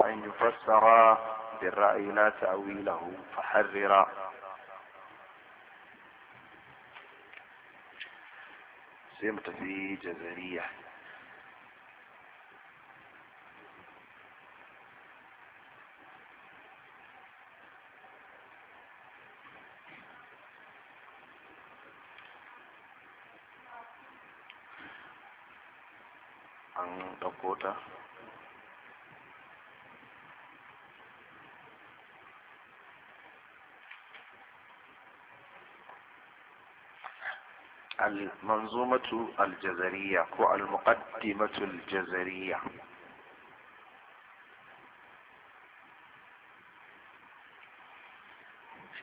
وأن يفسر بالرأي لا تأويله فحرر سيمت في جذريه manzumatu aljazariya ko almuqaddimatu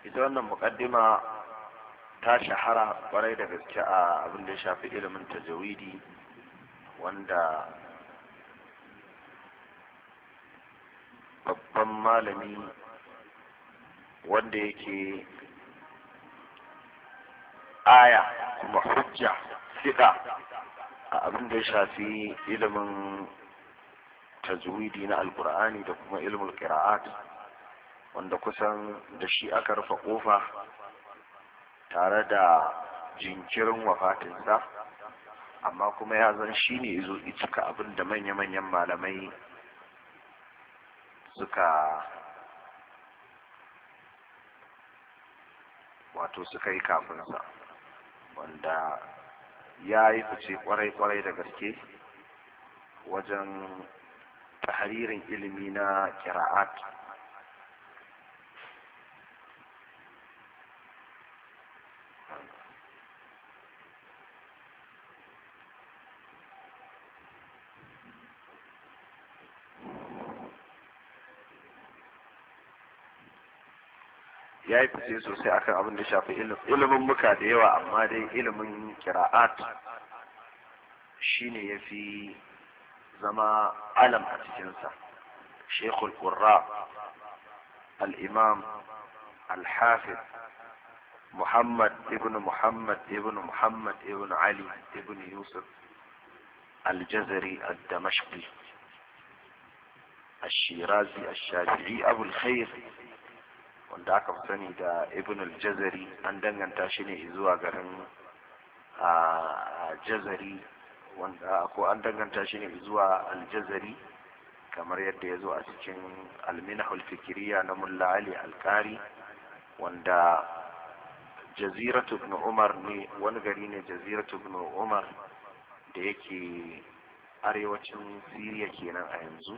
ita wannan muqaddima ta shahara kwarai da gaske a abin da ya shafi ilimin tajawidi wanda babban malami wanda yake aya kuma hujja fiɗa a abin da ya shafi ilimin tajwidi na alkur'ani da kuma ilimin qira'at wanda kusan da shi aka rufe kofa tare da jinkirin wafatinsa amma kuma ya zan shi ne izo cika abin da manya-manyan malamai suka wato suka yi kafinsa wanda ya yi fice kwarai-kwarai da gaske wajen tahririn ilimi na kira'at ya yi fice sosai akan abin da shafi ilimin muka da yawa amma dai ilimin kira'at shine ya fi zama alam a cikinsa shekul ƙurra al'imam al-hafiz muhammad ibn muhammad ibn muhammad ibn ali ibn yusuf al-jazari al-damashqi الشيرازي الشافعي أبو الخير wanda aka fi sani da ibn al-jazari an danganta shi ne zuwa garin jazari wanda ko an danganta shi ne zuwa al-jazari kamar yadda ya zo a cikin alminahul fikiriya na mulla ali alkari wanda jaziratu ibn umar ne wani gari ne jaziratu ibn umar da yake arewacin siriya kenan a yanzu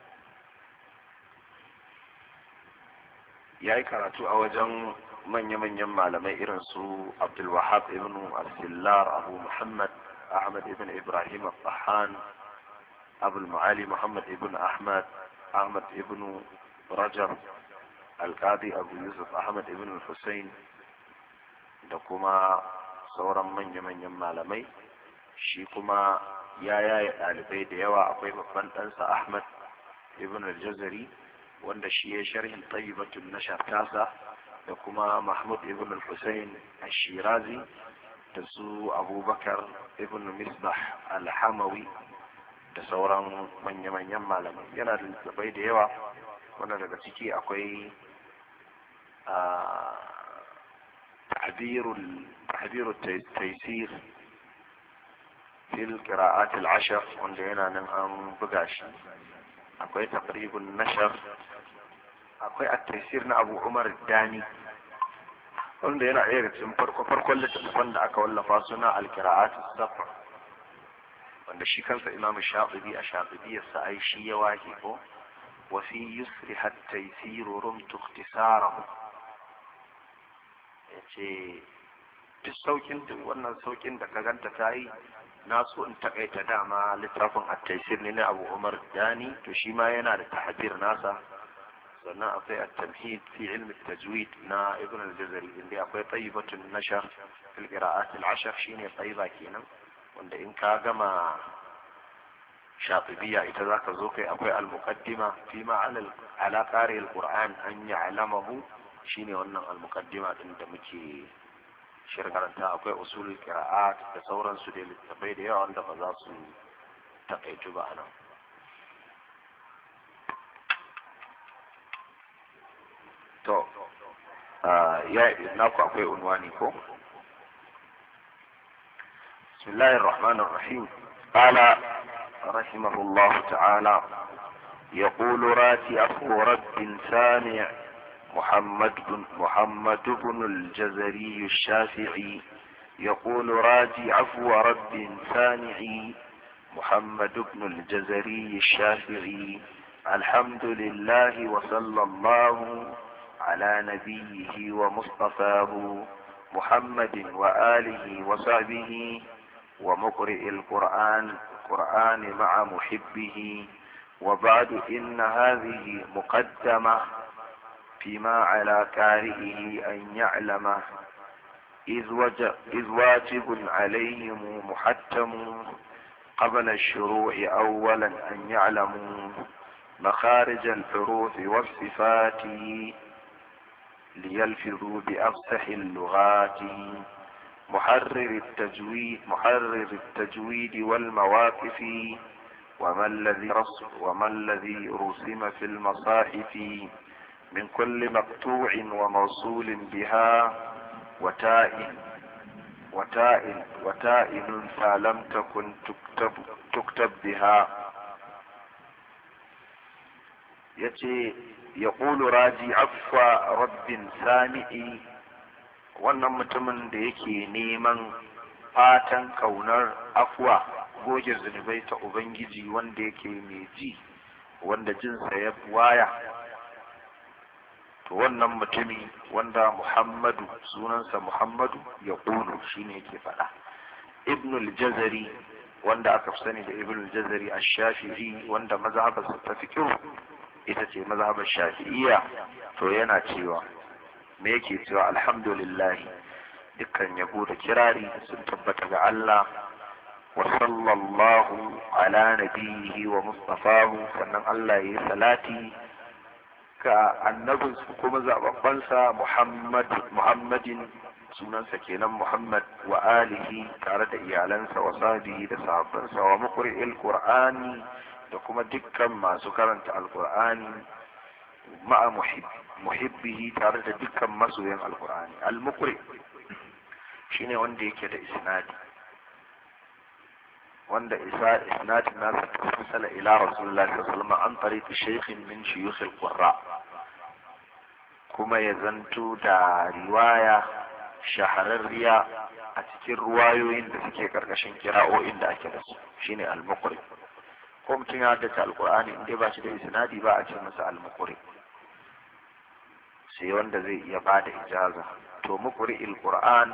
ya yi karatu a wajen manya-manyan malamai irin su abdulwahab ibn al abdullar abu muhammad ahmad ibn ibrahim al-fahan abul ma'ali muhammad ibn ahmad ahmad ibn rajar alkadi abu yusuf ahmad ibn hussein da kuma sauran manya-manyan malamai shi kuma ya yaya ɗalibai da yawa akwai babban ɗansa ahmad ibn al-jazari wanda shi ya sharhin tayyibatun nashar tasa da kuma mahmud ibn al ashirazi al-shirazi da su abubakar ibn misbah al-hamawi da sauran manya-manyan malamai yana da littattafai da yawa wanda daga ciki akwai tahbirul taisir fil qira'at al-ashr wanda yana nan an buga shi akwai taqribun nashar akwai at-tafsir na Abu Umar Dani wanda yana ɗaya daga cikin farko farkon littattafan da aka wallafa suna al-qira'at as-sab'a wanda shi kansa Imam Shafi'i a shafi Shafi'iyarsa ai shi ya wake ko wa fi yusri at-taysir rumtu ikhtisarahu yace duk saukin duk wannan saukin da ka ganta ta yi na so in takaita dama littafin at-taysir ne na Abu Umar Dani to shi ma yana da tahbir nasa sannan akwai at-tamhid fi ilm tajwid na ibn al-jazari inda akwai tayyibatun nashar fil qira'at al-ashr shine tayyiba kenan wanda in ka gama shafibiya ita zaka zo kai akwai al-muqaddima fi ma ala qari al-qur'an an ya'lamahu shine wannan al-muqaddima din da muke shirkaranta akwai usulul qira'at da sauransu da littafai da yawa wanda ba za su takaitu ba anan ya naku akwai unwani بسم الله الرحمن الرحيم قال رحمه الله تعالى يقول راتي أخو رب سامع محمد بن محمد بن الجزري الشافعي يقول راتي عفو رب سامع محمد بن الجزري الشافعي الحمد لله وصلى الله على نبيه ومصطفاه محمد وآله وصحبه ومقرئ القرآن القرآن مع محبه وبعد إن هذه مقدمة فيما على كارئه أن يعلم إذ واجب عليهم محتم قبل الشروع أولا أن يعلموا مخارج الحروف والصفات ليلفظوا بأفصح اللغات محرر التجويد محرر التجويد والمواقف وما الذي وما الذي رسم في المصاحف من كل مقطوع وموصول بها وتاء وتاء وتاء فلم تكن تكتب تكتب بها يتي يقول راجي عفا رب Sami'i, wannan mutumin da yake neman fatan kaunar afwa goge zunubai ta ubangiji wanda yake mai ji wanda jinsa ya waya to wannan mutumi wanda muhammadu sunansa muhammadu ya ƙulu shine yake faɗa IbnulJazari jazari wanda aka fi sani da IbnulJazari jazari a shafiri wanda maza mazhabarsa ta fi ita ce mazhabar shafi'iyya to yana cewa me yake cewa alhamdulillah dukkan yabo da kirari sun tabbata ga Allah wa sallallahu ala nabiyihi wa mustafahu sannan Allah ya yi salati ka annabin su kuma zababbansa Muhammad Muhammadin sunansa kenan Muhammad wa alihi tare da iyalansa wa sahbihi da sahabbansa wa muqri'il qur'ani da kuma dukkan masu karanta alkur'ani ma'a muhibbihi tare da dukkan masoyan alkur'ani al shine wanda yake da isnadi wanda isa isnadin nasa tasala ila rasulullah sallallahu an tariqi shaykhin min shuyukh al kuma ya zanto da riwaya shahararriya a cikin ruwayoyin da suke karkashin kira'o'in da ake da su shine al-muqri ko mutum ya ta alkur'ani in dai ba shi da isnadi ba a ce masa almukuri sai wanda zai iya bada ijaza to mukuri alkur'an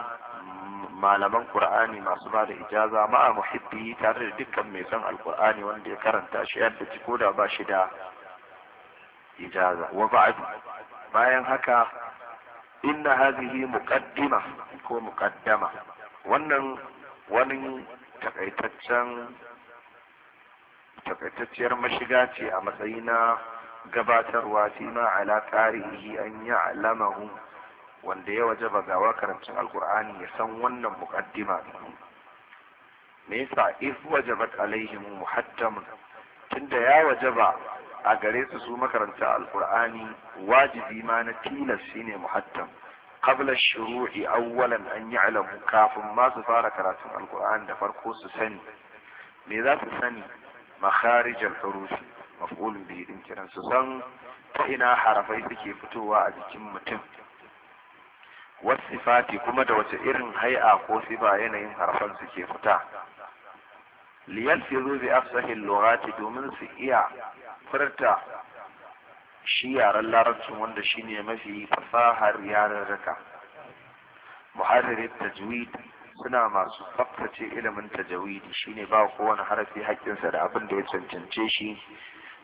malaman qur'ani masu ba da ijaza ma'a muhibbi tare da dukkan mai son alkur'ani wanda ya karanta shi yadda ci ko da ba shi da ijaza wa ba'du bayan haka inna hadhihi muqaddima ko muqaddama wannan wani takaitaccen takaitacciyar mashiga ce a matsayi na gabatarwa fi ma ala qari'ihi an al'amahu wanda ya wajaba gawa karatun alqur'ani ya san wannan muqaddima me yasa if wajabat alaihim muhattamun tunda ya wajaba a gare su su makaranta alkur'ani wajibi ma na tilas shine muhattam qabla shuru'i awwalan an ya'lamu kafin ma su fara karatun alkur'ani da farko su sani me za su sani makharijan hurufi maf'ulun bihi din kiran su san ina harafai suke fitowa a jikin mutum wasifati kuma da wace irin hai'a ko siba yanayin harfan suke fita Liyal liyalfizu bi afsahil lughati domin su iya furta shi yaren larabcin wanda shine mafi fasahar yararraka muharrir tajwid suna masu tsaftace ilimin tajawidi shine ba kowane harafi sa da abin da ya cancance shi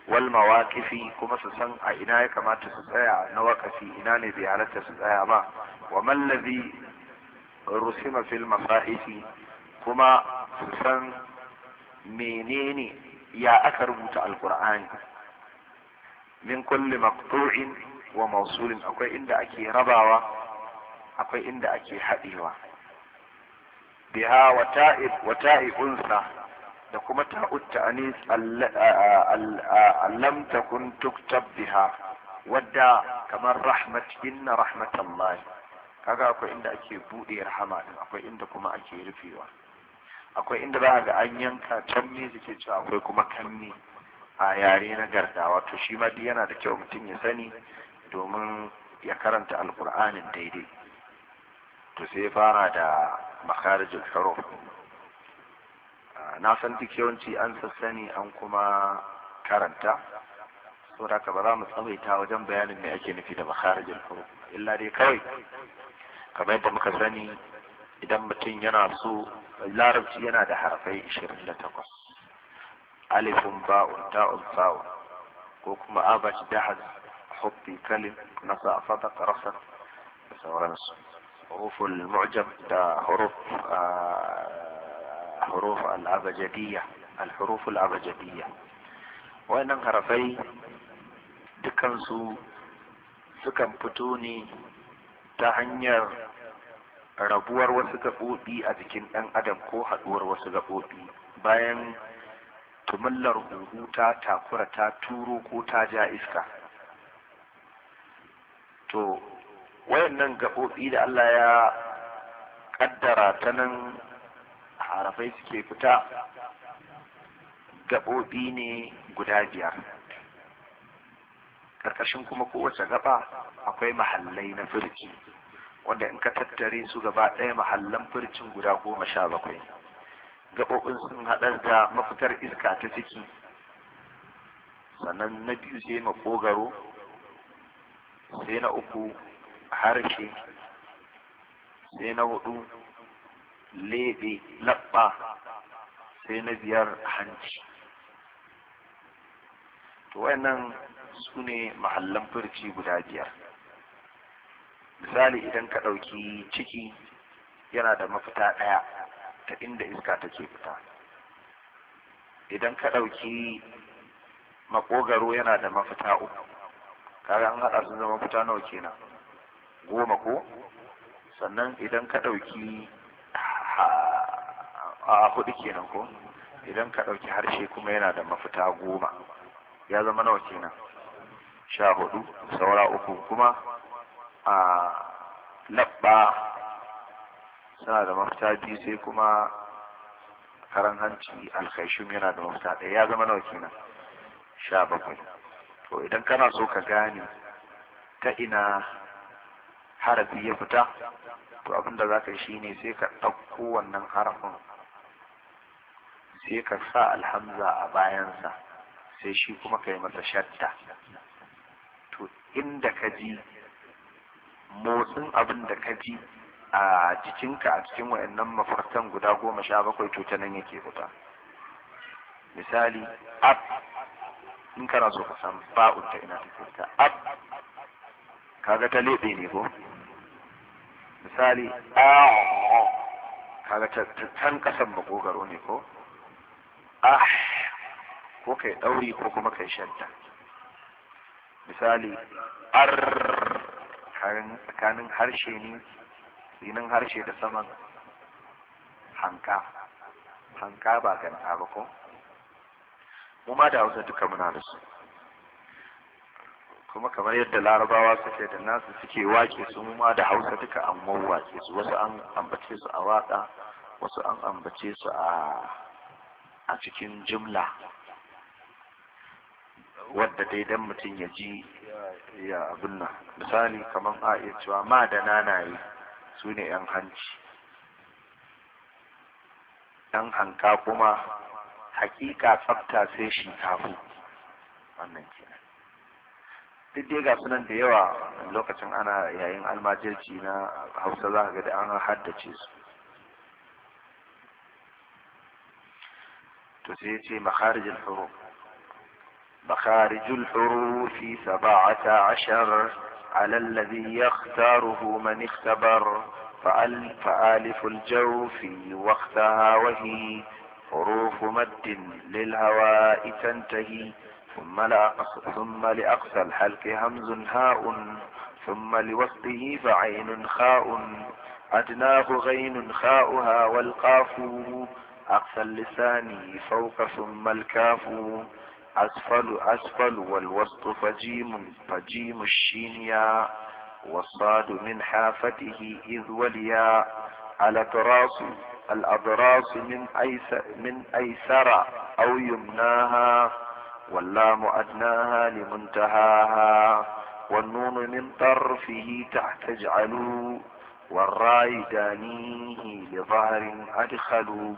wal mawaqifi kuma su san a ina ya kamata su tsaya na waqafi ina ne bai halatta su tsaya ba wa man ladhi rusima fil masahifi kuma su san menene ya aka rubuta alqur'ani min kulli maqtu'in wa mawsulin akwai inda ake rabawa akwai inda ake haɗewa biha wa ta'ib wa da kuma ta'ut ta'anis allam takun tuktab biha wadda kamar rahmat inna rahmatallah kaga akwai inda ake buɗe rahama din akwai inda kuma ake rufewa akwai inda za ga an yanka can me suke cewa akwai kuma kanni a yare na gardawa to shi ma duk yana da kyau mutum ya sani domin ya karanta alkur'anin daidai to sai fara da makarijin huruf ah, na san duk yawanci an sassani an kuma karanta saboda haka ba za mu tsawaita wajen bayanin me ake nufi da makarijin huruf illa dai kawai kamar yadda muka sani idan mutum yana so larabci yana da harafai 28 alifun ba'un ta'un sa'un ko kuma abaci dahaz hubbi kalim nasa sadaka rasa da sauransu huruful mu'jam da huruf huruf al-abajadiyya al-huruf harafai dukansu sukan fito ne ta hanyar rabuwar wasu gaɓoɓi a jikin ɗan adam ko haɗuwar wasu gaɓoɓi bayan tumullar huhu ta takura ta turo ko ta ja iska to wayannan gaɓoɓi da Allah ya ƙaddara ta nan harafai suke fita gaɓoɓi ne guda biyar ƙarƙashin kuma kowace gaba akwai mahallai na firki wanda in ka tattare su gaba ɗaya mahallan fircin guda goma sha bakwai gaɓoɓin sun haɗa da mafitar iska ta ciki sannan na biyu sai makogaro sai na uku harshe sai na hudu lebe labba sai na biyar hanci to wayannan su ne mahallan furci guda biyar misali idan ka ɗauki ciki yana da mafita ɗaya ta inda iska take fita idan ka ɗauki makogaro yana da mafita uku kaga an haɗa su zama fita nawa kenan goma ko sannan idan ka ɗauki a hudu kenan ko idan ka ɗauki harshe kuma yana da mafita goma ya zama nawa kenan sha hudu saura uku kuma a labba suna da mafita biyu sai kuma karan hanci alkaishum yana da mafita ɗaya ya zama nawa kenan sha bakwai to idan kana so ka gane ta ina harafi ya fita to abin da za ka shi ne sai ka ɗauko wannan harafin sai ka sa alhamza a bayansa sai shi kuma ka yi masa shadda to inda ka ji motsin abin da ka ji a jikinka a cikin wayannan mafartan guda goma sha bakwai to ta nan yake fita misali ab in kana so ka san ba'un ta ina ta ab kaga ta lebe ne ko misali a kaga can kasan makogaro ne ko ah ko kai ɗauri ko kuma kai shanta misali ar tsakanin harshe ne tsinin harshe da saman hanka hanka ba ganta ba ko mu ma da hausa duka muna da su kuma kamar yadda larabawa suke da nasu suke wake su ma da hausa duka an wawwake su wasu an ambace su a waka wasu an ambace su a cikin jumla wadda dai dan mutum ya ji ya abin nan misali kamar a iya cewa ma da nanaye su ne yan hanci yan hanka kuma hakika tsafta sai shi kafu wannan ke duk dai ga sunan da yawa lokacin ana yayin almajirci na hausa za ka ga da an haddace su to sai ce makharijul huruf makharijul hurufi sab'ata ashar على الذي يختاره من اختبر فأل فآلف الجوف وقتها وهي حروف مد للهواء تنتهي ثم, لا ثم لأقصى الحلق همز هاء ثم لوسطه فعين خاء أدناه غين خاؤها والقاف أقصى اللسان فوق ثم الكاف أسفل أسفل والوسط فجيم فجيم الشينيا والصاد من حافته إذ وليا الأطراس الأضراس من أيسر من أيسر أو يمناها واللام أدناها لمنتهاها والنون من طرفه تحت اجعلوا والراي دانيه لظهر أدخلوا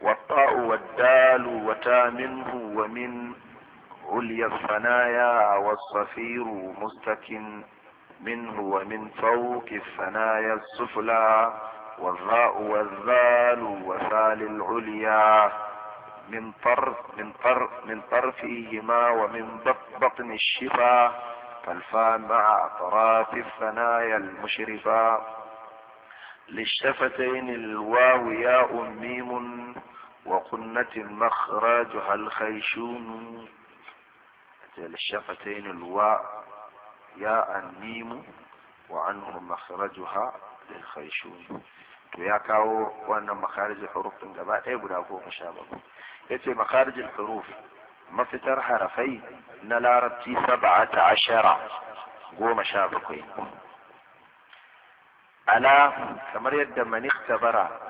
والطاء والدال وتا منه ومن عليا الثنايا والصفير مستكن منه ومن فوق الثنايا السفلى والراء والذال وثال العليا من طرف من طرف من طرفهما ومن بطن الشفا فالفان مع اطراف الثنايا المشرفة للشفتين الواو ياء ميم وقنة مخرجها الخيشون للشفتين الواء ياء ميم وعنه مخرجها للخيشون to ya kawo wannan makarijin huruf din gaba ɗaya guda goma sha bakwai ya ce makarijin huruf mafitar harafai na larabci ta ashara goma sha bakwai ala kamar yadda manikta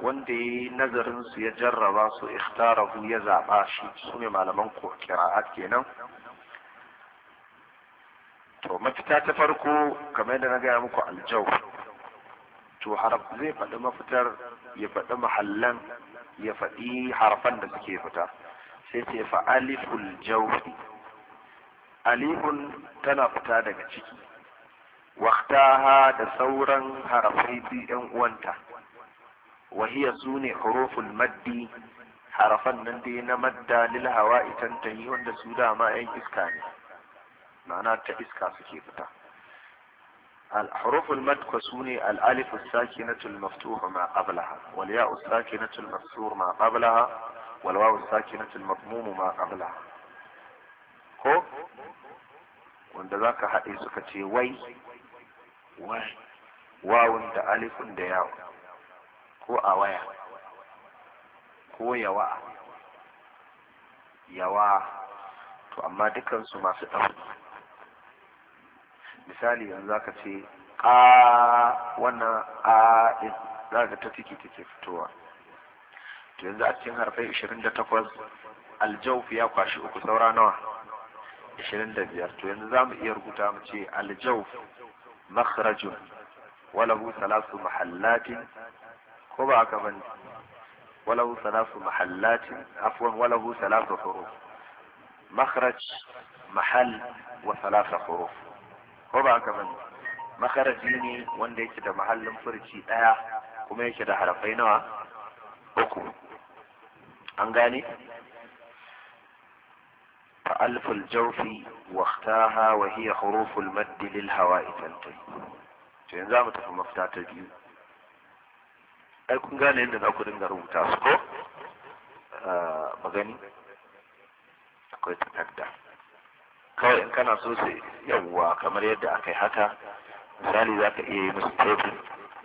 wanda ya yi nazarin su ya jarraba su ikhtarahu ya zaɓa shi su ne malaman kira'at kenan to mafita ta farko kamar yadda na gaya muku aljau to harf zai faɗi mafitar ya faɗi mahallan ya faɗi harafan da suke fita sai ce fa aliful jawfi alifun tana fita daga ciki Waqtaha da sauran harafai biyu ɗan uwanta wahiya su ne huruful maddi harafan nan dai na madda lil hawa'i tantani wanda su dama yan iska ne ma'ana ta iska suke fita الحروف المد كسوني الألف الساكنة المفتوح ما قبلها والياء الساكنة المكسور ما قبلها والواو الساكنة المضموم ما قبلها هو wanda za ka haɗe suka ce wai wawun da alifun da yawo ko a waya ko yawa yawa to amma dukansu masu ɗauki misali yanzu zaka ce a wannan a din za ka ta ciki take fitowa to yanzu a cikin harfai takwas aljawf ya kwashi uku saura nawa ishirin da biyar to yanzu za mu iya rubuta mu ce aljawf makhrajun walahu salasu mahallatin ko ba haka bane walahu salasu mahallatin afwan walahu salasu huruf makhraj mahal wa salasu huruf ko ba haka bane makaraji ne wanda yake da mahallin furci daya kuma yake da harafai nawa uku an gane alful jawfi waqtaha wa hiya huruful حروف lil hawa'i tantai to za mu tafi mafita ta biyu ai kun gane yadda za ku dinga rubuta su ko eh, magani akwai takarda kawai in kana so sai yawwa kamar yadda aka yi haka misali za ka iya yi musu tebur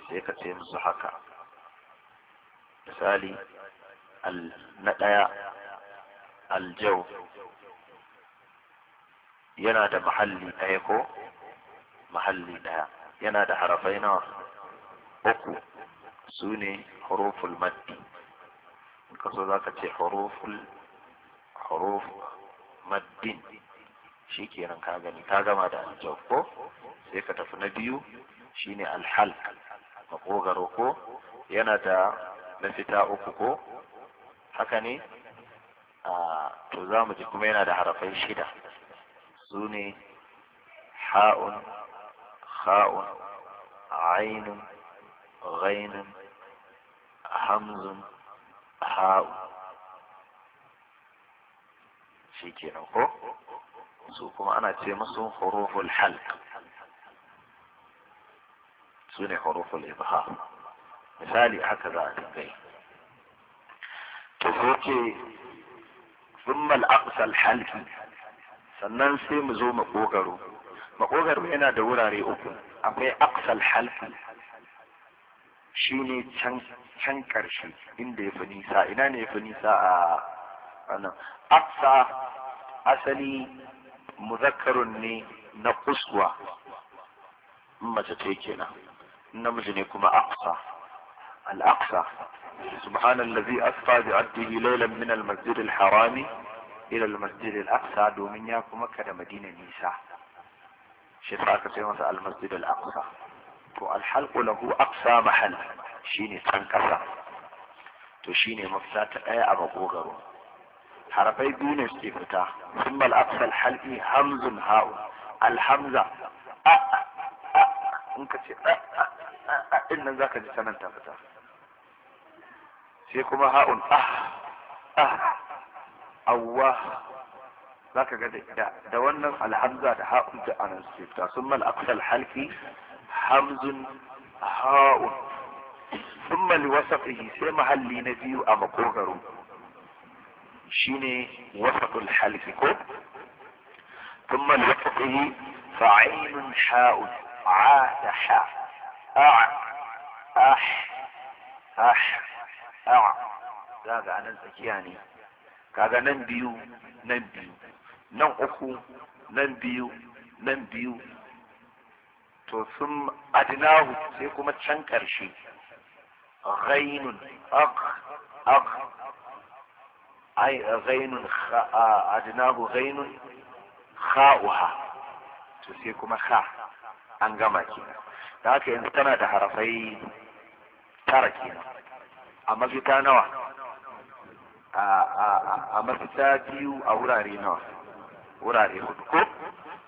sai ka ce musu haka misali na ɗaya aljau yana da mahalli ɗaya ko mahalli ɗaya yana da harafai nawa uku su ne huruful maddi in ka so za ka ce huruful huruf maddin shi kenan ka gani ka gama da aljau ko sai ka tafi na biyu shine alhal makogaro ko yana da mafita uku ko haka ne a to za mu ji kuma yana da harafai shida su ne ha'un ha'un ainun ghainun hamzun ha'un shi kenan ko su kuma ana ce musu huruful halq su ne huruful misali haka za a dinga to sai ce thumma al-aqsa sannan sai mu zo makogaro makogaro yana da wurare uku akwai aqsal halki shi ne can ƙarshe inda ya fi nisa ina ne ya fi nisa a nan aksa asali مذكر ني نقصوا ما تتيكينا نمج نيكما أقصى الأقصى سبحان الذي أسفى بعده ليلا من المسجد الحرام إلى المسجد الأقصى كما كان مدينة نيسا شفاكة في المسجد الأقصى والحلق له أقصى محل شيني تنكسر تشيني مفتاة أي أبو غرور حرفي دون استفتاح ثم الاقصى الحلق همز هاء الحمزه ان كتي ان ذاك جسمان تفتح سيكما هاء اه اه اوه ذاك جدي دونا الحمزه هاء انا استفتاح ثم الاقصى الحلق حمز هاء ثم لوسقه سيما هل لي نبي ابو شيني وسط الحلف كوب ثم الوسط ايه فعين حاء عاس حاء اع اح اح اع هذا انا الزكياني هذا ننبيو ننبيو ننقفو ننبيو ننبيو تو ثم ادناه سيكم تشنكر شي غين اق اق ai غين adnahu ghainun غين to sai kuma kha an gama kenan da haka yanzu tana da harafai tara kenan a mafita nawa a mafita a wurare nawa wurare ko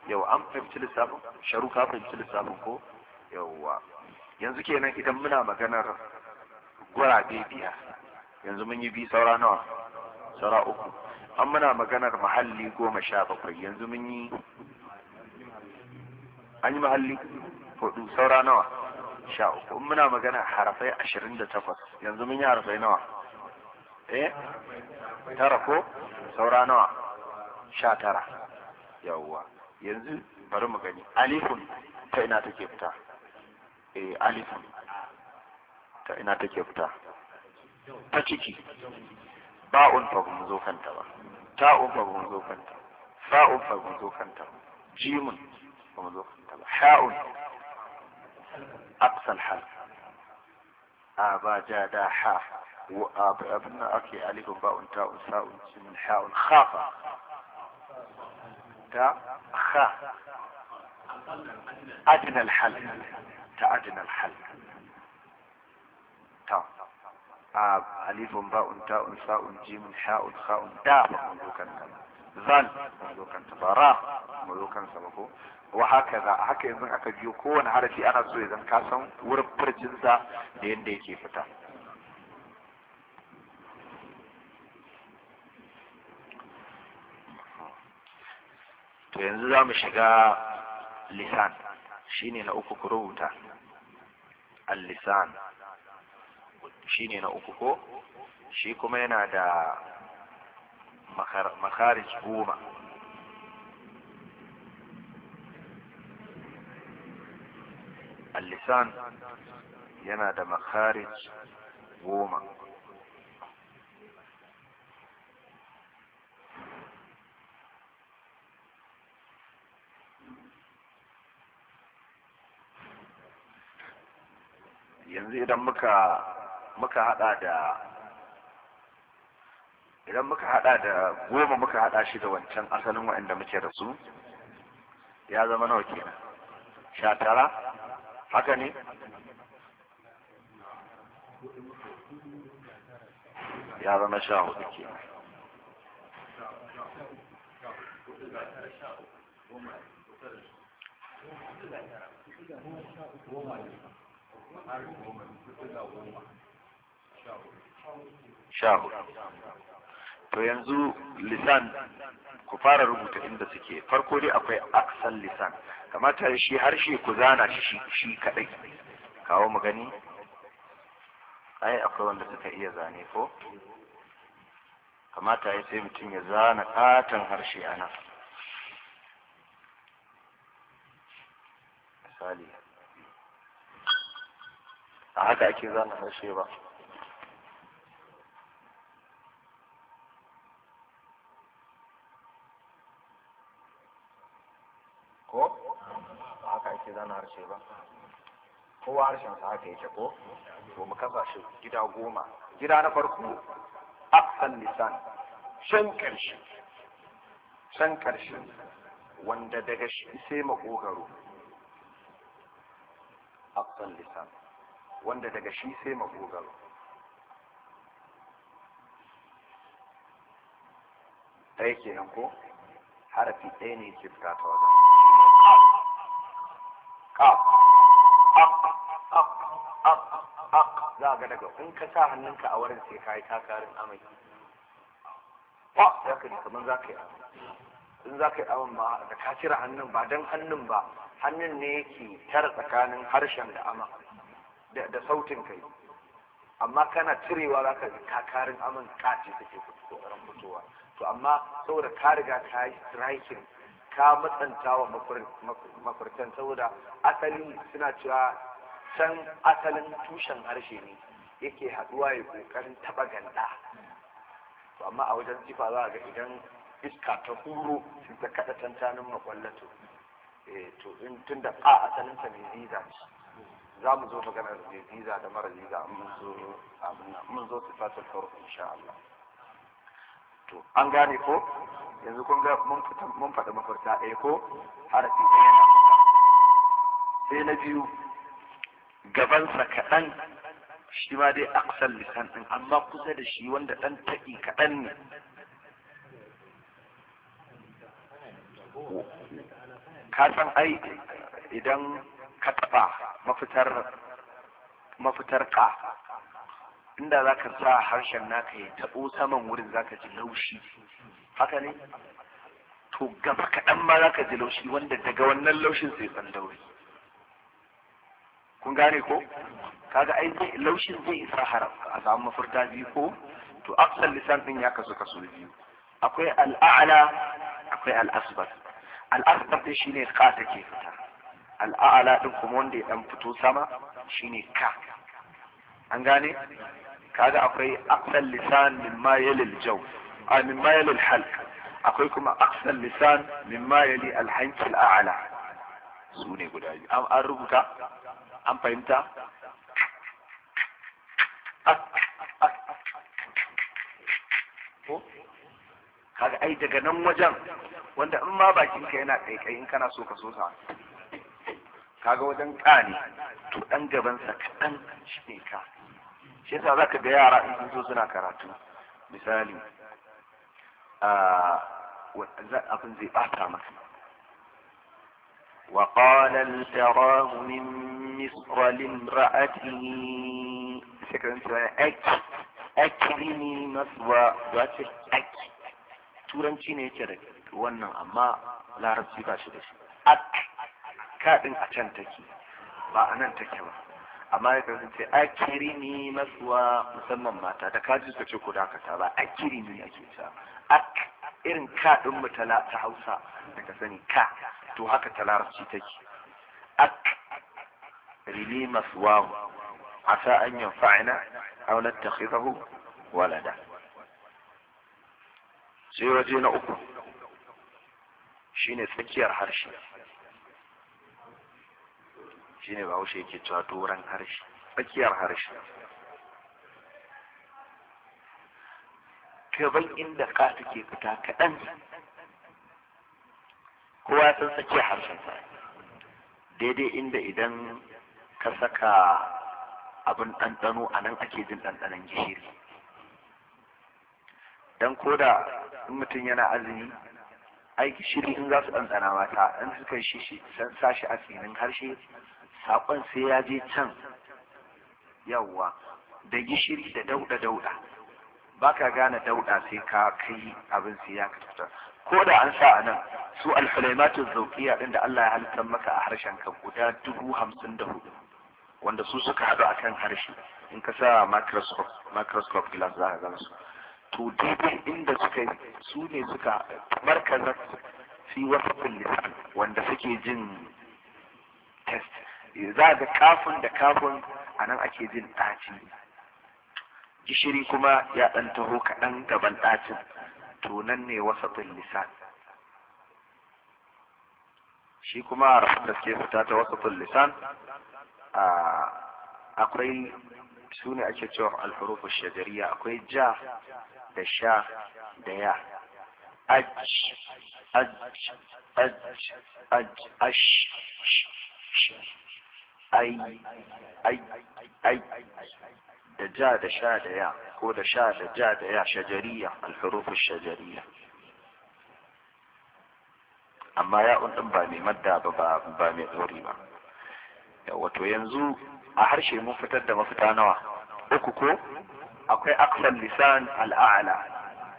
yau an fahimci lissafin sharu ka fahimci lissafin ko yauwa yanzu kenan idan muna maganar gurabe biya yanzu mun yi bi saura nawa sara uku an muna maganar mahalli goma sha bakwai yanzu mun yi an yi mahalli hudu saura nawa sha uku an muna maganar harafai ashirin da takwas yanzu mun yi harafai nawa eh tara ko saura nawa sha tara yawwa yanzu bari mu gani alifun ta ina take fita eh alifun ta ina take fita ta ciki باء فغمزو فانتوى تاء فغمزو فانتوى فاء فغمزو فانتوى جيم فغمزو فانتوى حاء أقصى الحال آبا جادا حا وآب أبنا أكي عليه باء تاء ساء جيم حاء خاف تاء خا أدنى الحل تأدنى الحل تاء alifun ba'un ta'un sa'un jimin ha'un ha'un da ba mulkan nan zan mulkan tabara mulkan sama ko wa haka za haka yanzu aka biyo kowane harafi ana so ya zan ka san wurin furcinsa da yadda yake fita to yanzu za mu shiga lisan shine na uku ku rubuta al-lisan shine na uku ko shi kuma yana da makharij goma al-lisan yana da makharij goma yanzu idan muka muka hada da idan muka hada da goma muka hada shi da wancan asalin wa'anda muke da su ya zama nawa kenan sha tara haka ne ya zama sha hudu kenan Thank you. sha to yanzu lisan ku fara rubuta inda suke farko dai akwai aksan lisan kamata shi harshe ku zana shi shi kadai kawo mu gani ai akwai wanda suka iya zane ko kamata ya sai mutum ya zana katon harshe a nan misali a haka ake zana harshe ba zana harshe ba kowa harshen sa haka yake ko to mu kafa shi gida goma gida na farko Aksan lisan shan karshe shan karshe wanda daga shi sai makogaro aksan lisan wanda daga shi sai makogaro ɗaya kenan ko harafi ɗaya ne ke fita ta wajen kaf za ga daga in ka sa hannunka a wurin sai ka yi takarin amai za ka kamar za ka yi amai in za ka yi aman ba da ka cire hannun ba don hannun ba hannun ne yake tara tsakanin harshen da ama da sautin kai amma kana cirewa za ka ji kakarin aman kaci take kokarin fitowa to amma saboda ka riga ka yi striking ta matsanta wa mafarkan saboda asali suna cewa can asalin tushen harshe ne yake haɗuwa ya ƙoƙarin taba ganda amma a wajen sifa za a ga idan iska ta huro ta kada tantanin makwallato eh, to in tun da a asalinsa mai ziza za mu zo maganar mai ziza da mara ziza mun zo sifatul farko insha Allah to an gane ko yanzu kun ga mun fita mun fada mafarta ɗaya eh ko harafi ɗaya na fita sai na biyu gabansa kaɗan shi ma dai aksal lisan ɗin amma kusa da shi wanda ɗan taƙi kaɗan ne ka san ai idan ka taɓa mafitar mafitar ka inda za ka sa harshen naka ya taɓo saman wurin za ka ji laushi haka ne to gaba kaɗan ma za ka ji laushi wanda daga wannan laushin sai daure kun gane ko kaga ai laushin zai isa haram a samu mafurta biyu ko to aksan lisan din ya kasu kaso biyu akwai al'a'la akwai al'asbar al'asbar din shine ka take fita al'a'la din kuma wanda ya dan fito sama shine ka an gane kaga akwai aqsal lisan mimma yali al-jaw a mimma yali al akwai kuma aqsal lisan mimma yali al-hanq su ne guda biyu an rubuta an fahimta kaga ai daga nan wajen wanda in ma bakinka yana kaikai in kana so ka so sa kaga wajen ƙani to ɗan gabansa kaɗan shi ne ka shi yasa zaka ga yara in sun so suna karatu misali abin zai bata maka وقال الفراه من مصر لامرأته شكرا أك أكرمي مثوى ذاتك أك turanci ne yake da wannan amma larabci ba shi da shi ak a can take ba a nan take ba amma ya kan ce akirimi maswa musamman mata da kaji suka ce ko da aka ba akirimi ake ta ak irin ka din mutala ta Hausa da ka sani ka to haka ta larabci take ak rimi maswa asa an yi yanfa'ina aw nattakhidahu walada sai waje na uku shine tsakiyar harshe ba bahaushe ke cewa turan harshe tsakiyar harshe gaban inda ka take fita kaɗan kowa san tsakiyar harshen daidai inda idan ka saka abin ɗanɗano a nan ake jin ɗanɗanon gishiri dan koda in mutum yana azumi ai gishiri in za su ɗanɗana mata in suka shi san sashi a tsinin harshe saƙon sai ya je can yawwa da gishiri da dauɗa dauɗa ba ka gane dauɗa sai ka kai abin sai ya ka ko da an sa a nan su alfalaimatu zauƙiya ɗin da Allah ya halittar maka a harshen ka guda dubu hamsin da hudu wanda su suka haɗu a kan harshe in ka sa microscope microscope glass za ka gama su to daidai inda suka su ne suka markazar fi wasu lisan wanda suke jin test za ga kafin da kafin a nan ake jin ɗaci gishiri kuma ya ɗan taho kaɗan gaban ɗacin tunan ne wasatun lisan shi kuma harafin da suke fita ta wasatun lisan akwai su ne ake cewa alhurufu shajariya akwai ja da sha da ya aj aj aj aj ash أي أي أي دجاد شادة يا كود شادة جادة يا شجرية الحروف الشجرية أما يا أنتم بامي مدى بامي غريبا يا واتو ينزو أحرشي مفتد دم فتانوا أكوكو أكوي أقصى اللسان الأعلى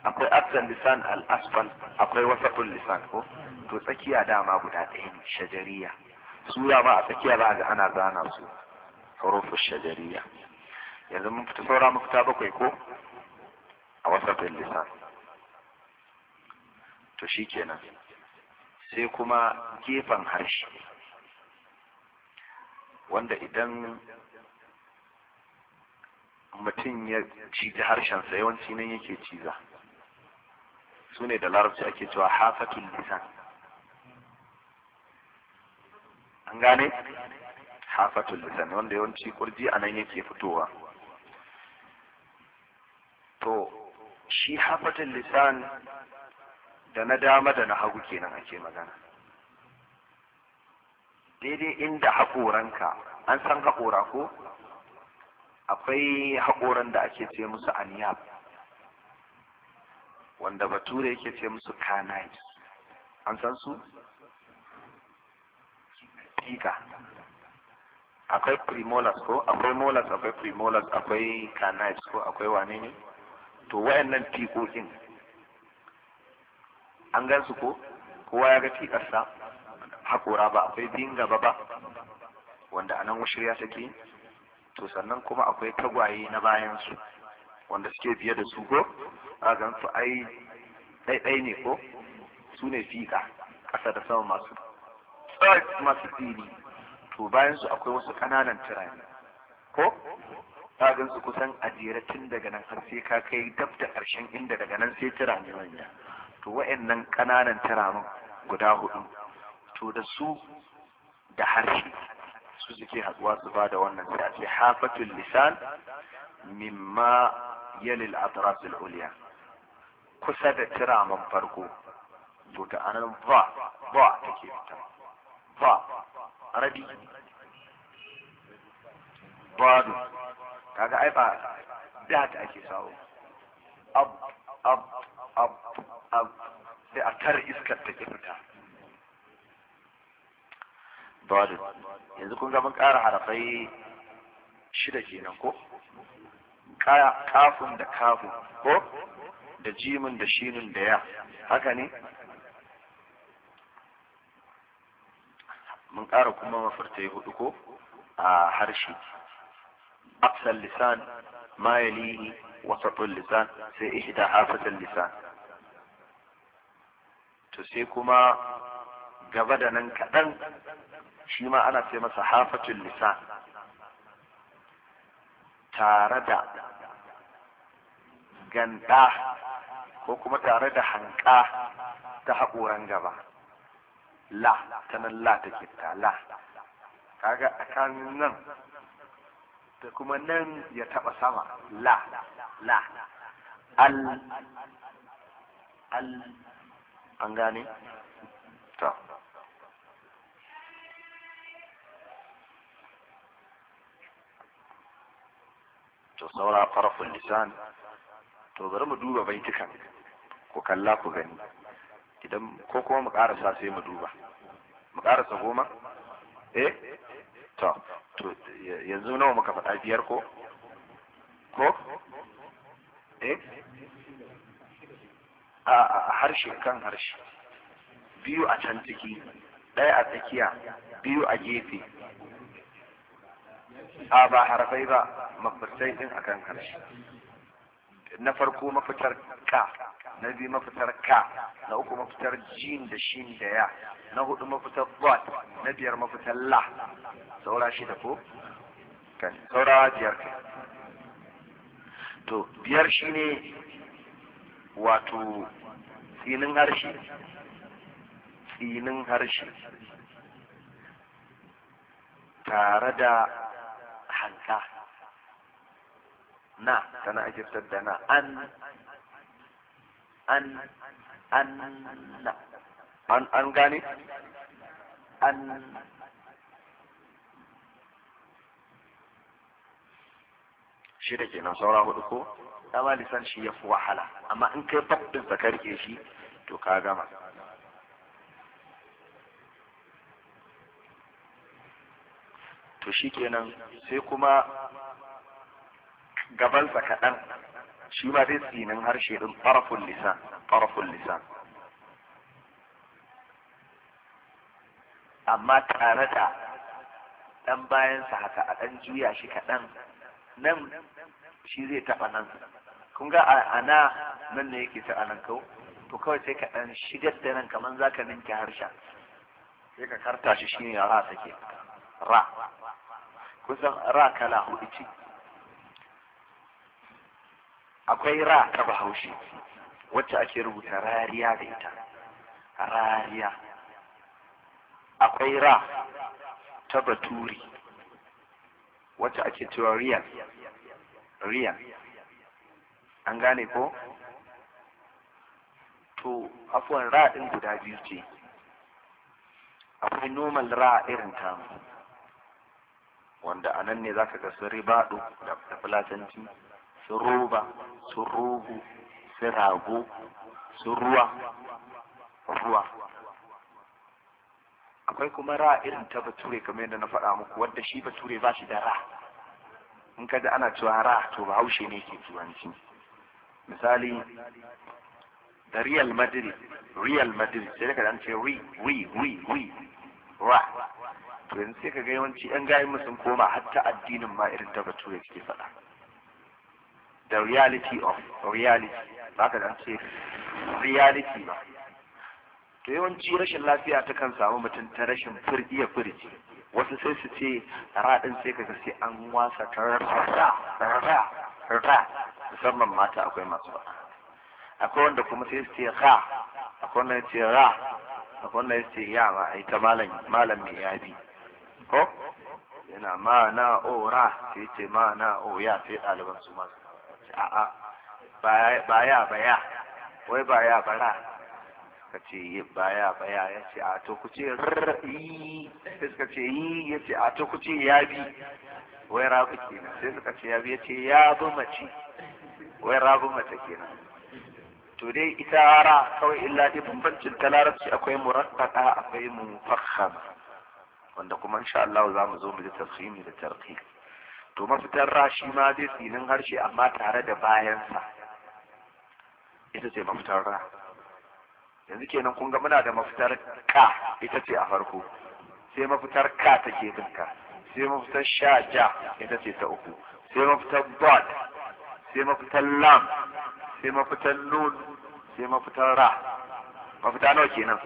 أكوي أقصى اللسان الأسفل أكوي وسط اللسان تو تسكي أدام أبو تاتين شجرية su ya ma a tsakiya za ga ana zana su harufu shajariya yanzu mun fita saura mafita bakwai ko a wasafin lisan to shi kenan sai kuma gefen harshe wanda idan mutum ya cizi harshensa yawanci nan yake ciza su ne da larabci ake cewa hafatul lisan an gane hafatul lisan wanda yawanci kurji a nan yake fitowa to shi hafatul lisan da na dama da na hagu kenan ake magana daidai inda haƙoranka an san haƙora ko akwai haƙoran da ake ce musu aniyab wanda bature yake ce musu kanai an san su hakika akwai primolas ko akwai molars akwai primolas akwai canines ko akwai wane ne to wayannan tikokin an gan su ko kowa ya ga tikarsa haƙora ba akwai biyun gaba ba wanda anan ya take to sannan kuma akwai tagwaye na bayan su wanda suke biye da su ko a gan su ai ɗaiɗai ne ko su ne fiƙa ƙasa da sama masu bird masu tsiri to bayan su akwai wasu ƙananan turare ko kagan su kusan ajere tun daga nan har sai ka kai dab da ƙarshen inda daga nan sai turare manya to wa'annan ƙananan turaren guda hudu to da su da harshe su suke haɗuwa su ba da wannan sai hafatul lisan mimma yalil atrasul uliya kusa da turaman farko to ta anan ba ba take fita Ba rabi kaga ai ba da ta ake sawo ab ab ab ab sai a tare iskar ta fita bado yanzu kun ga mun ƙara harafai shida kenan ko kaya kafin da kafin ko da jimin da shinin da ya haka ne mun ƙara kuma mafartai huɗu ko a harshe aqsal lisan ma yalihi wasatul lisan sai ihda hafatul lisan to sai kuma gaba da nan kaɗan shi ma ana sai masa hafatul lisan tare da ganda ko kuma tare da hanka ta haƙoran gaba la ta nan la ta ta la kaga tsakanin nan da kuma nan ya taba sama la la al al an gane to to saura farafin lisan to bari mu duba baitukan ku kalla ku gani idan ko kuma mu karasa sai mu duba mu karasa goma eh to to yanzu nawa muka faɗa biyar ko ko eh a harshe kan harshe biyu a can ciki ɗaya a tsakiya biyu a gefe a ba harafai ba mafitai din akan harshe na farko mafitar ka نبي مفتر كا نوكو مفتر جين دا شين دا مفتر ضاد نبي مفتر لا سورا شيدا كو كان سورا ديار كا تو ديار شيني واتو سينن هرشي سينن هرشي تاردا حنكا na tana ajirtar da an an an an gane an shi da ke nan saura hudu ko dama lisan shi ya fi wahala amma in kai faɗin sa karke shi to ka gama to shi kenan sai kuma gabansa kaɗan shi ma dai tsinin harshe din ƙarafin lisan ƙarafin lisan amma tare da ɗan bayansa haka a ɗan juya shi kaɗan nan shi zai taɓa nan kun ga ana nan ne yake taɓa nan kau to kawai sai kaɗan shigar da nan kamar za ka ninke harshen sai ka karta shi shi ne ra take ra kusan ra kala hudu ce akwai ra ta bahaushe wacce ake rubuta rariya da ita rariya akwai ra ta baturi wacce ake cewa riyan riyan an gane ko to afuwan ra din guda biyu ce akwai normal ra irin ta wanda a nan ne za ka ga su ribaɗo da fulatanci suruba roba sun rogo sun rago sun ruwa ruwa akwai kuma ra irin ta bature kamar yadda na faɗa muku wadda shi bature ba shi da ra in ka ji ana cewa ra to haushe ne ke turanci misali da real madrid real madrid sai ka dace ri ri ri ra to yanzu sai ka ga yawanci yan gayin sun koma hatta addinin ma irin ta bature suke faɗa the reality of reality ba ka da ce reality ba to yawanci rashin lafiya ta kan samu mutum ta rashin ya firji wasu sai su ce raɗin sai ka sai an wasa ta rasa rasa musamman mata akwai masu ba akwai wanda kuma sai su ce ra akwai wanda ce ra akwai wanda ce ya a ai ta malam malam ya bi ko yana ma na o ra sai ce ma na o ya sai ɗaliban su masu a'a ba baya wai ya, bara ka ce baya baya ya ce a to ku ce yi suka ce yi ya ce a to ku ce ya bi wai rabu kenan sai suka ce ya bi ya ce ya bi mace wai rabu mace kenan to dai ita ara kawai illa dai bambancin ta larabci akwai murakkata akwai mufakhama wanda kuma insha Allah za mu zo mu ji tafsiri da tarqiq to mafitar shi ma zai tsinin harshe amma tare da bayansa ita ce mafitar ra yanzu kenan kun ga muna da mafitar ka ita ce a farko sai mafitar ka ta ke ka sai mafitar sha ja ita ce ta uku sai mafitar bod sai mafitar lam sai mafitar nun sai mafitar ra mafita nawa kenan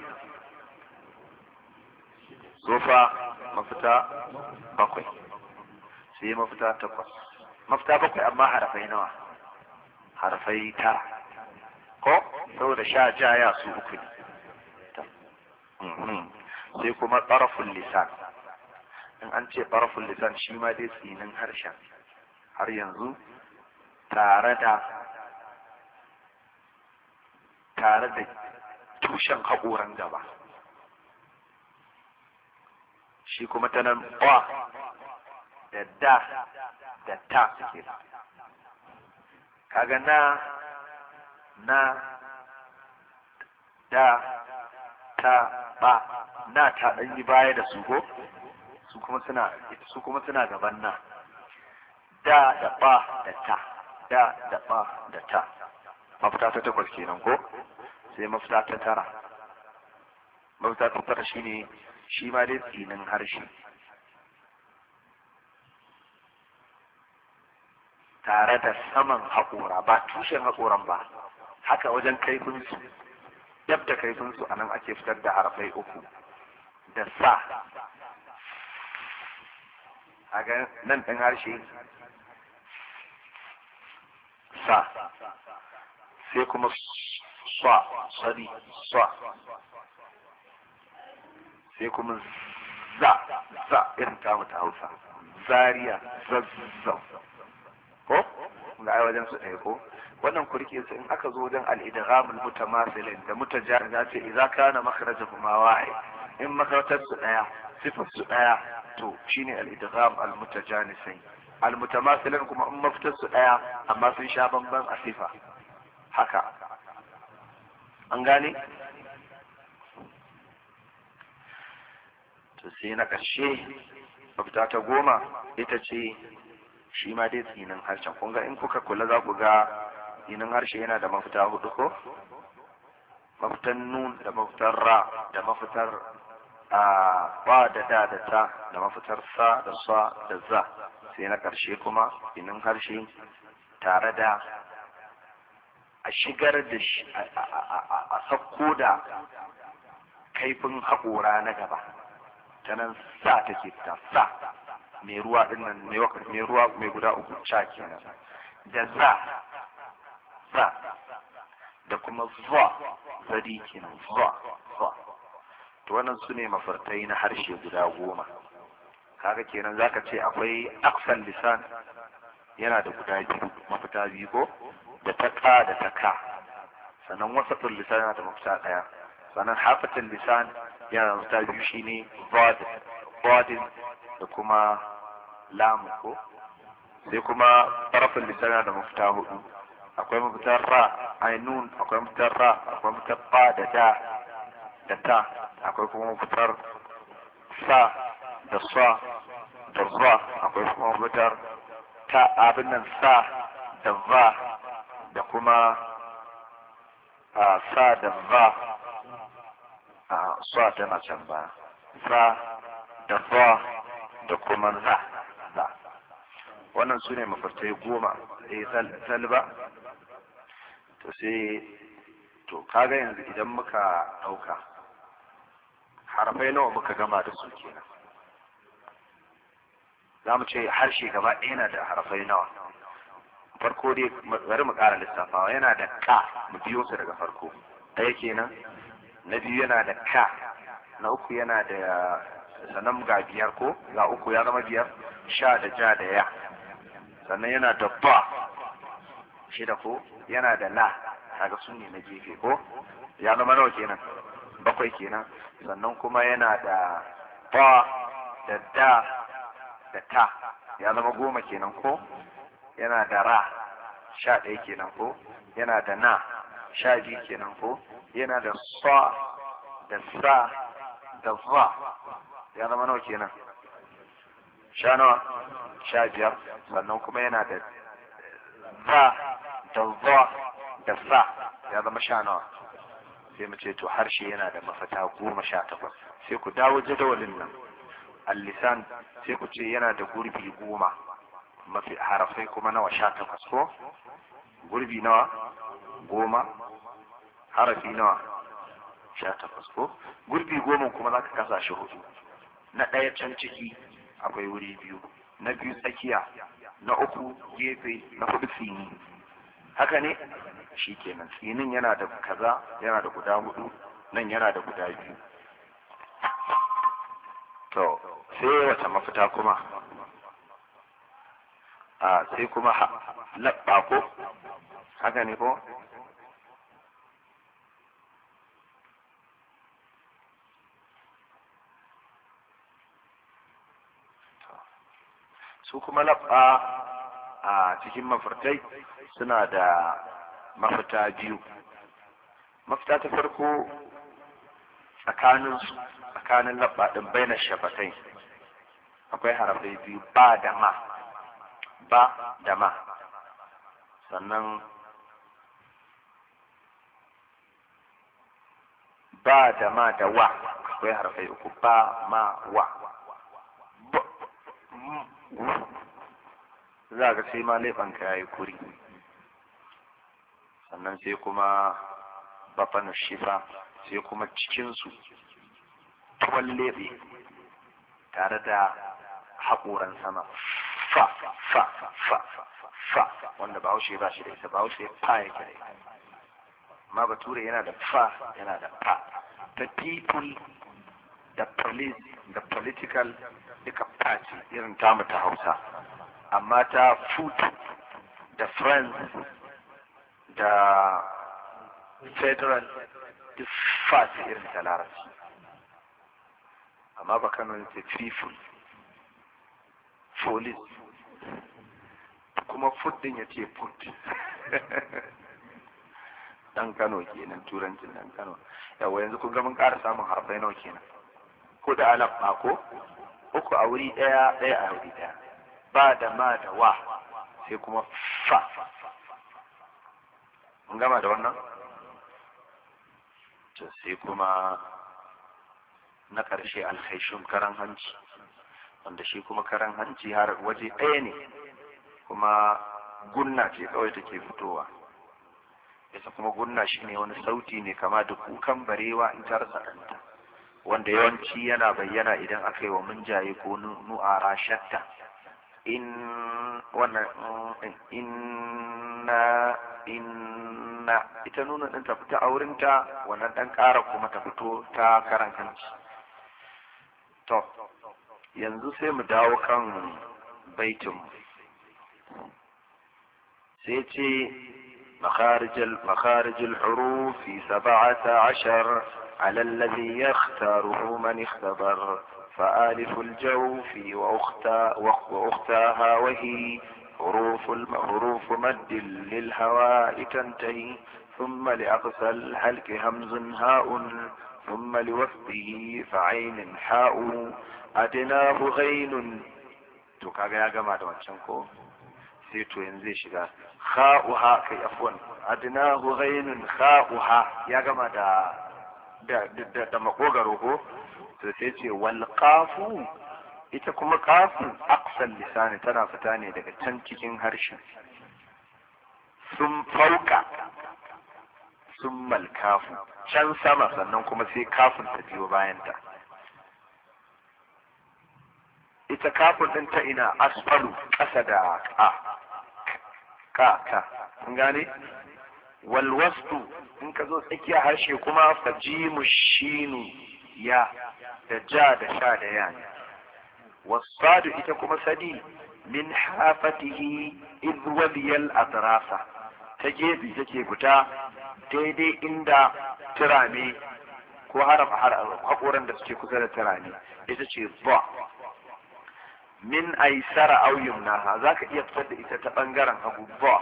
sofa mafita bakwai sai mafita takwas mafita bakwai amma harafai nawa harafai tara ko saboda sha ja ya su uku ne mhm. sai kuma tsarafin lisan in an ce tsarafin lisan shi ma dai tsinin harshen har yanzu tare da tare da tushen haƙoran gaba shi kuma ta nan ba da da da ta suke kaga na na da ta ba na ta ɗan yi baya da su ko su kuma suna su kuma suna gaban na da da ba da ta da da ba da ta mafita ta takwas kenan ko sai mafita ta tara mafita ta tara shine shi ma dai tsinin harshe tare da saman haƙora ba tushen haƙoran ba haka wajen kaifinsu su da kaifin anan ake fitar da harfai uku da sa a ga nan ɗin harshe sa sai kuma sa sari sa sai kuma za za irin tamu ta hausa zariya zazzau ko ga ai wajen su ɗaya ko wannan ku rike su in aka zo wajen al-idghamul mutamasilin da mutajar za ce idza kana makhrajuhuma wahid in makarantar su ɗaya sifar su ɗaya to shine al-idgham al-mutajanisin al-mutamasilin kuma in mafitar su ɗaya amma sun sha bamban a sifa haka an gane to sai na ƙarshe mafita ta goma ita ce shi ma dai tsinin harshe. kun ga in kuka kula za ku ga tsinin harshe yana da mafita hudu ko mafitan nun da mafitar ra da mafitar a ba da da da ta da mafitar sa da sa da za sai na karshe kuma tsinin harshe tare da a shigar da shi a sakko da kaifin haƙora na gaba ta nan sa take fita sa mai ruwa dinnan mai waka mai ruwa mai guda uku sha kenan da za za da kuma zuwa zari kenan zuwa zuwa to wannan su ne mafartai na harshe guda goma kaga kenan zaka ce akwai aksan lisan yana da guda biyu mafita biyu ko da ta ka da ta ka sannan wasatul lisan yana da mafita daya sannan hafatul lisan yana da mafita biyu shine vadin da kuma lamu ko sai kuma tarafin lisana da mafita hudu akwai mafitar ra ainun akwai mafitar ra akwai mafitar ba da da da ta akwai kuma mafitar sa da sa da za akwai kuma mafitar ta abin nan sa da va da kuma sa da va a sa tana can ba sa da va da kuma za za wannan su ne mafartai goma eh salba to sai to kaga yanzu idan muka ɗauka harafai nawa muka gama da su kenan za mu ce harshe gaba yana da harafai nawa farko dai bari mu kara lissafawa yana da ka mu biyo su daga farko ɗaya kenan na biyu yana da ka na uku yana da sannan ga biyar ko ga uku ya zama biyar sha da ja da ya sannan yana da ba shida ko yana da la kaga sun ne na gefe ko ya zama nawa kenan bakwai kenan sannan kuma yana da ba da da da ta ya zama goma kenan ko yana da ra sha ɗaya kenan ko yana da na sha biyu kenan ko yana da sa da sa da va. ya zama nawa kenan sha nawa sha biyar sannan kuma yana da za da za da sa ya zama sha nawa sai mu ce to harshe yana da mafata goma sha takwas sai ku dawo jadawalin nan allisan sai ku ce yana da gurbi goma mafi harafai kuma nawa sha takwas ko gurbi nawa goma harafi nawa sha takwas ko gurbi goma kuma za ka kasa shi hudu na ɗaya can ciki akwai wuri biyu na biyu tsakiya na uku gefe na hudu tsini haka ne shi kenan tsinin yana da kaza yana da guda hudu nan yana da guda biyu to sai wata mafita kuma a ah, sai kuma labba ko haka ne ko su kuma labba a cikin mafartai suna da mafita biyu mafita ta farko tsakanin tsakanin labba din na shafatai akwai harafai biyu ba da ma ba da ma sannan ba da ma da wa akwai harafai uku ba ma wa za ka sai ma laifanka ya yi kuri sannan sai kuma bafan shifa sai kuma cikinsu tuwon laifin tare da haƙoran sama fa fa fa fa wanda bahaushe ba shi da ita bahaushe fa ya kira amma bature yana da fa yana da fa ta people da police da political duka party irin tamu ta hausa amma ta food da friends da federal duk fasi irin ta larabci amma ba kano ce people police kuma food din ya ce food dan kano kenan turancin dan kano yawa yanzu kun ga mun ƙara samun harfai nawa kenan hudu a nan ko uku a wuri ɗaya ɗaya a wuri ɗaya ba da ma da wa sai kuma fa mun gama da wannan to sai kuma na ƙarshe alhaishun karan hanci wanda shi kuma karan hanci har waje ɗaya ne kuma gunna ce kawai take fitowa yasa kuma gunna ne wani sauti ne kama da kukan barewa in ta rasa ɗanta wanda yawanci yana bayyana idan aka yi wa munjaye ko nu'ara shatta in wannan ita nuna din ta fita a wurinta wannan dan ƙara kuma ta fito ta karan to yanzu sai mu dawo kan baitin sai ce مخارج مخارج الحروف في سبعة عشر على الذي يختاره من اختبر فآلف الجوف وأختا وأختاها وهي حروف حروف مد للهواء تنتهي ثم لأقصى الحلك همز هاء ثم لوفده فعين حاء أدناه غين to kaga ya gama da wancan ko kha'uha kai afwan adnahu ghainun kha'uha ya gama da da da, da makogaro ko to sai ce wal qafu ita kuma qafun aqsal lisani tana fita ne daga can cikin harshen sun fauka sun malkafu can sama sannan kuma sai kafin ta biyo bayanta ita kafin ɗin ta ina asfalu ƙasa da a ka ka gane in ka zo tsakiya harshe kuma fajimu shinu ya da ja da sha da ya ne wasadu ita kuma sadi min hafatihi idwaliyal adrasa ta gefe take fita daidai inda tirame ko haram haƙoran da suke kusa da turani ita ce ba min aisara aw yumnaha zaka iya fitar da ita ta bangaren hagu ba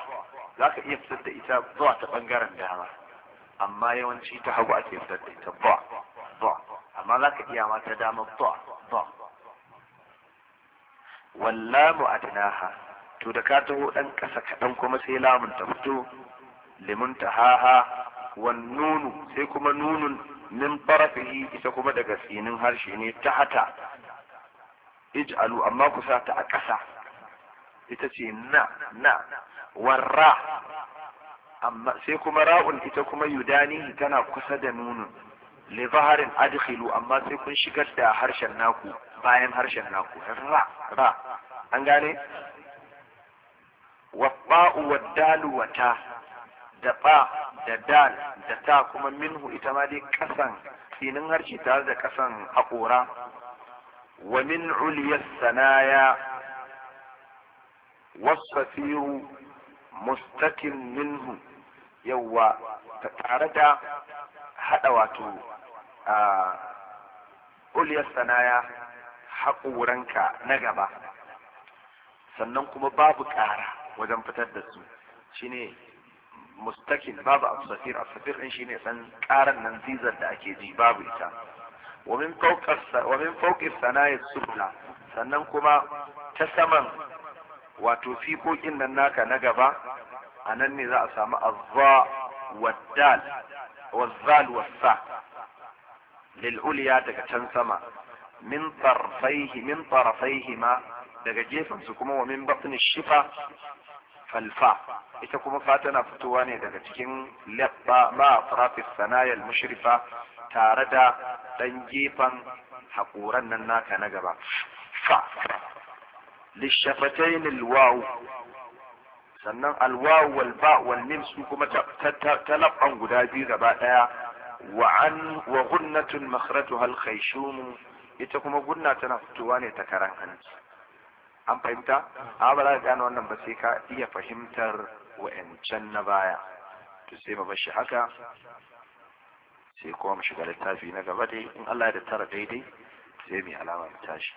zaka iya fitar da ita ba ta bangaren dama amma yawanci ta hagu ake fitar da ita ba ba amma zaka iya ma ta dama ba ba wallamu adnaha to da ka taho dan kasa kadan kuma sai lamun ta fito limun tahaha wan nunu sai kuma nunun min farafihi ita kuma daga tsinin harshe ne ta hata ij'alu amma ku sa ta a ƙasa ita ce na na warra amma sai kuma ra'un ita kuma yudanihi tana kusa da nunun li zaharin adkhilu amma sai kun shigar da harshen naku bayan harshen naku ra ra an gane wa ba'u wa dalu wa ta da ba da dal da ta kuma minhu ita ma dai kasan tsinin harshe tare da kasan haƙora wa min uliyas sanaya wasafiru mustakin minhu yawwa tare da haɗa wato a uliyar sanaya haƙoranka na gaba sannan kuma babu ƙara wajen fitar da su shine mustakin babu asafir asafir din shine san ƙaran nan zizar da ake ji babu ita ومن فوق ومن فوق الثنايا السفلى sannan kuma ta saman wato fiƙoƙin nan naka na gaba a nan ne za a samu azza waddal wazzal wassa lil'uliya daga can sama min tarfaihi min tarfaihi ma daga su kuma wa min batni shifa falfa ita kuma fa tana fitowa ne daga cikin labba ma atrafis sanaya al-mushrifa tare da ɗan gefen haƙuran nan naka na gaba fa lishafatain alwaw sannan alwaw wal ba wal mim su kuma talabban guda biyu gaba ɗaya wa an wa gunnatun makhratuha al ita kuma gunna tana fitowa ne ta karan hanci an fahimta a ba za ka gane wannan ba sai ka iya fahimtar wa'ancan na baya to sai mu bar shi haka sai kuma mu shiga littafi na gaba dai in Allah ya da tara daidai sai mu alama mu tashi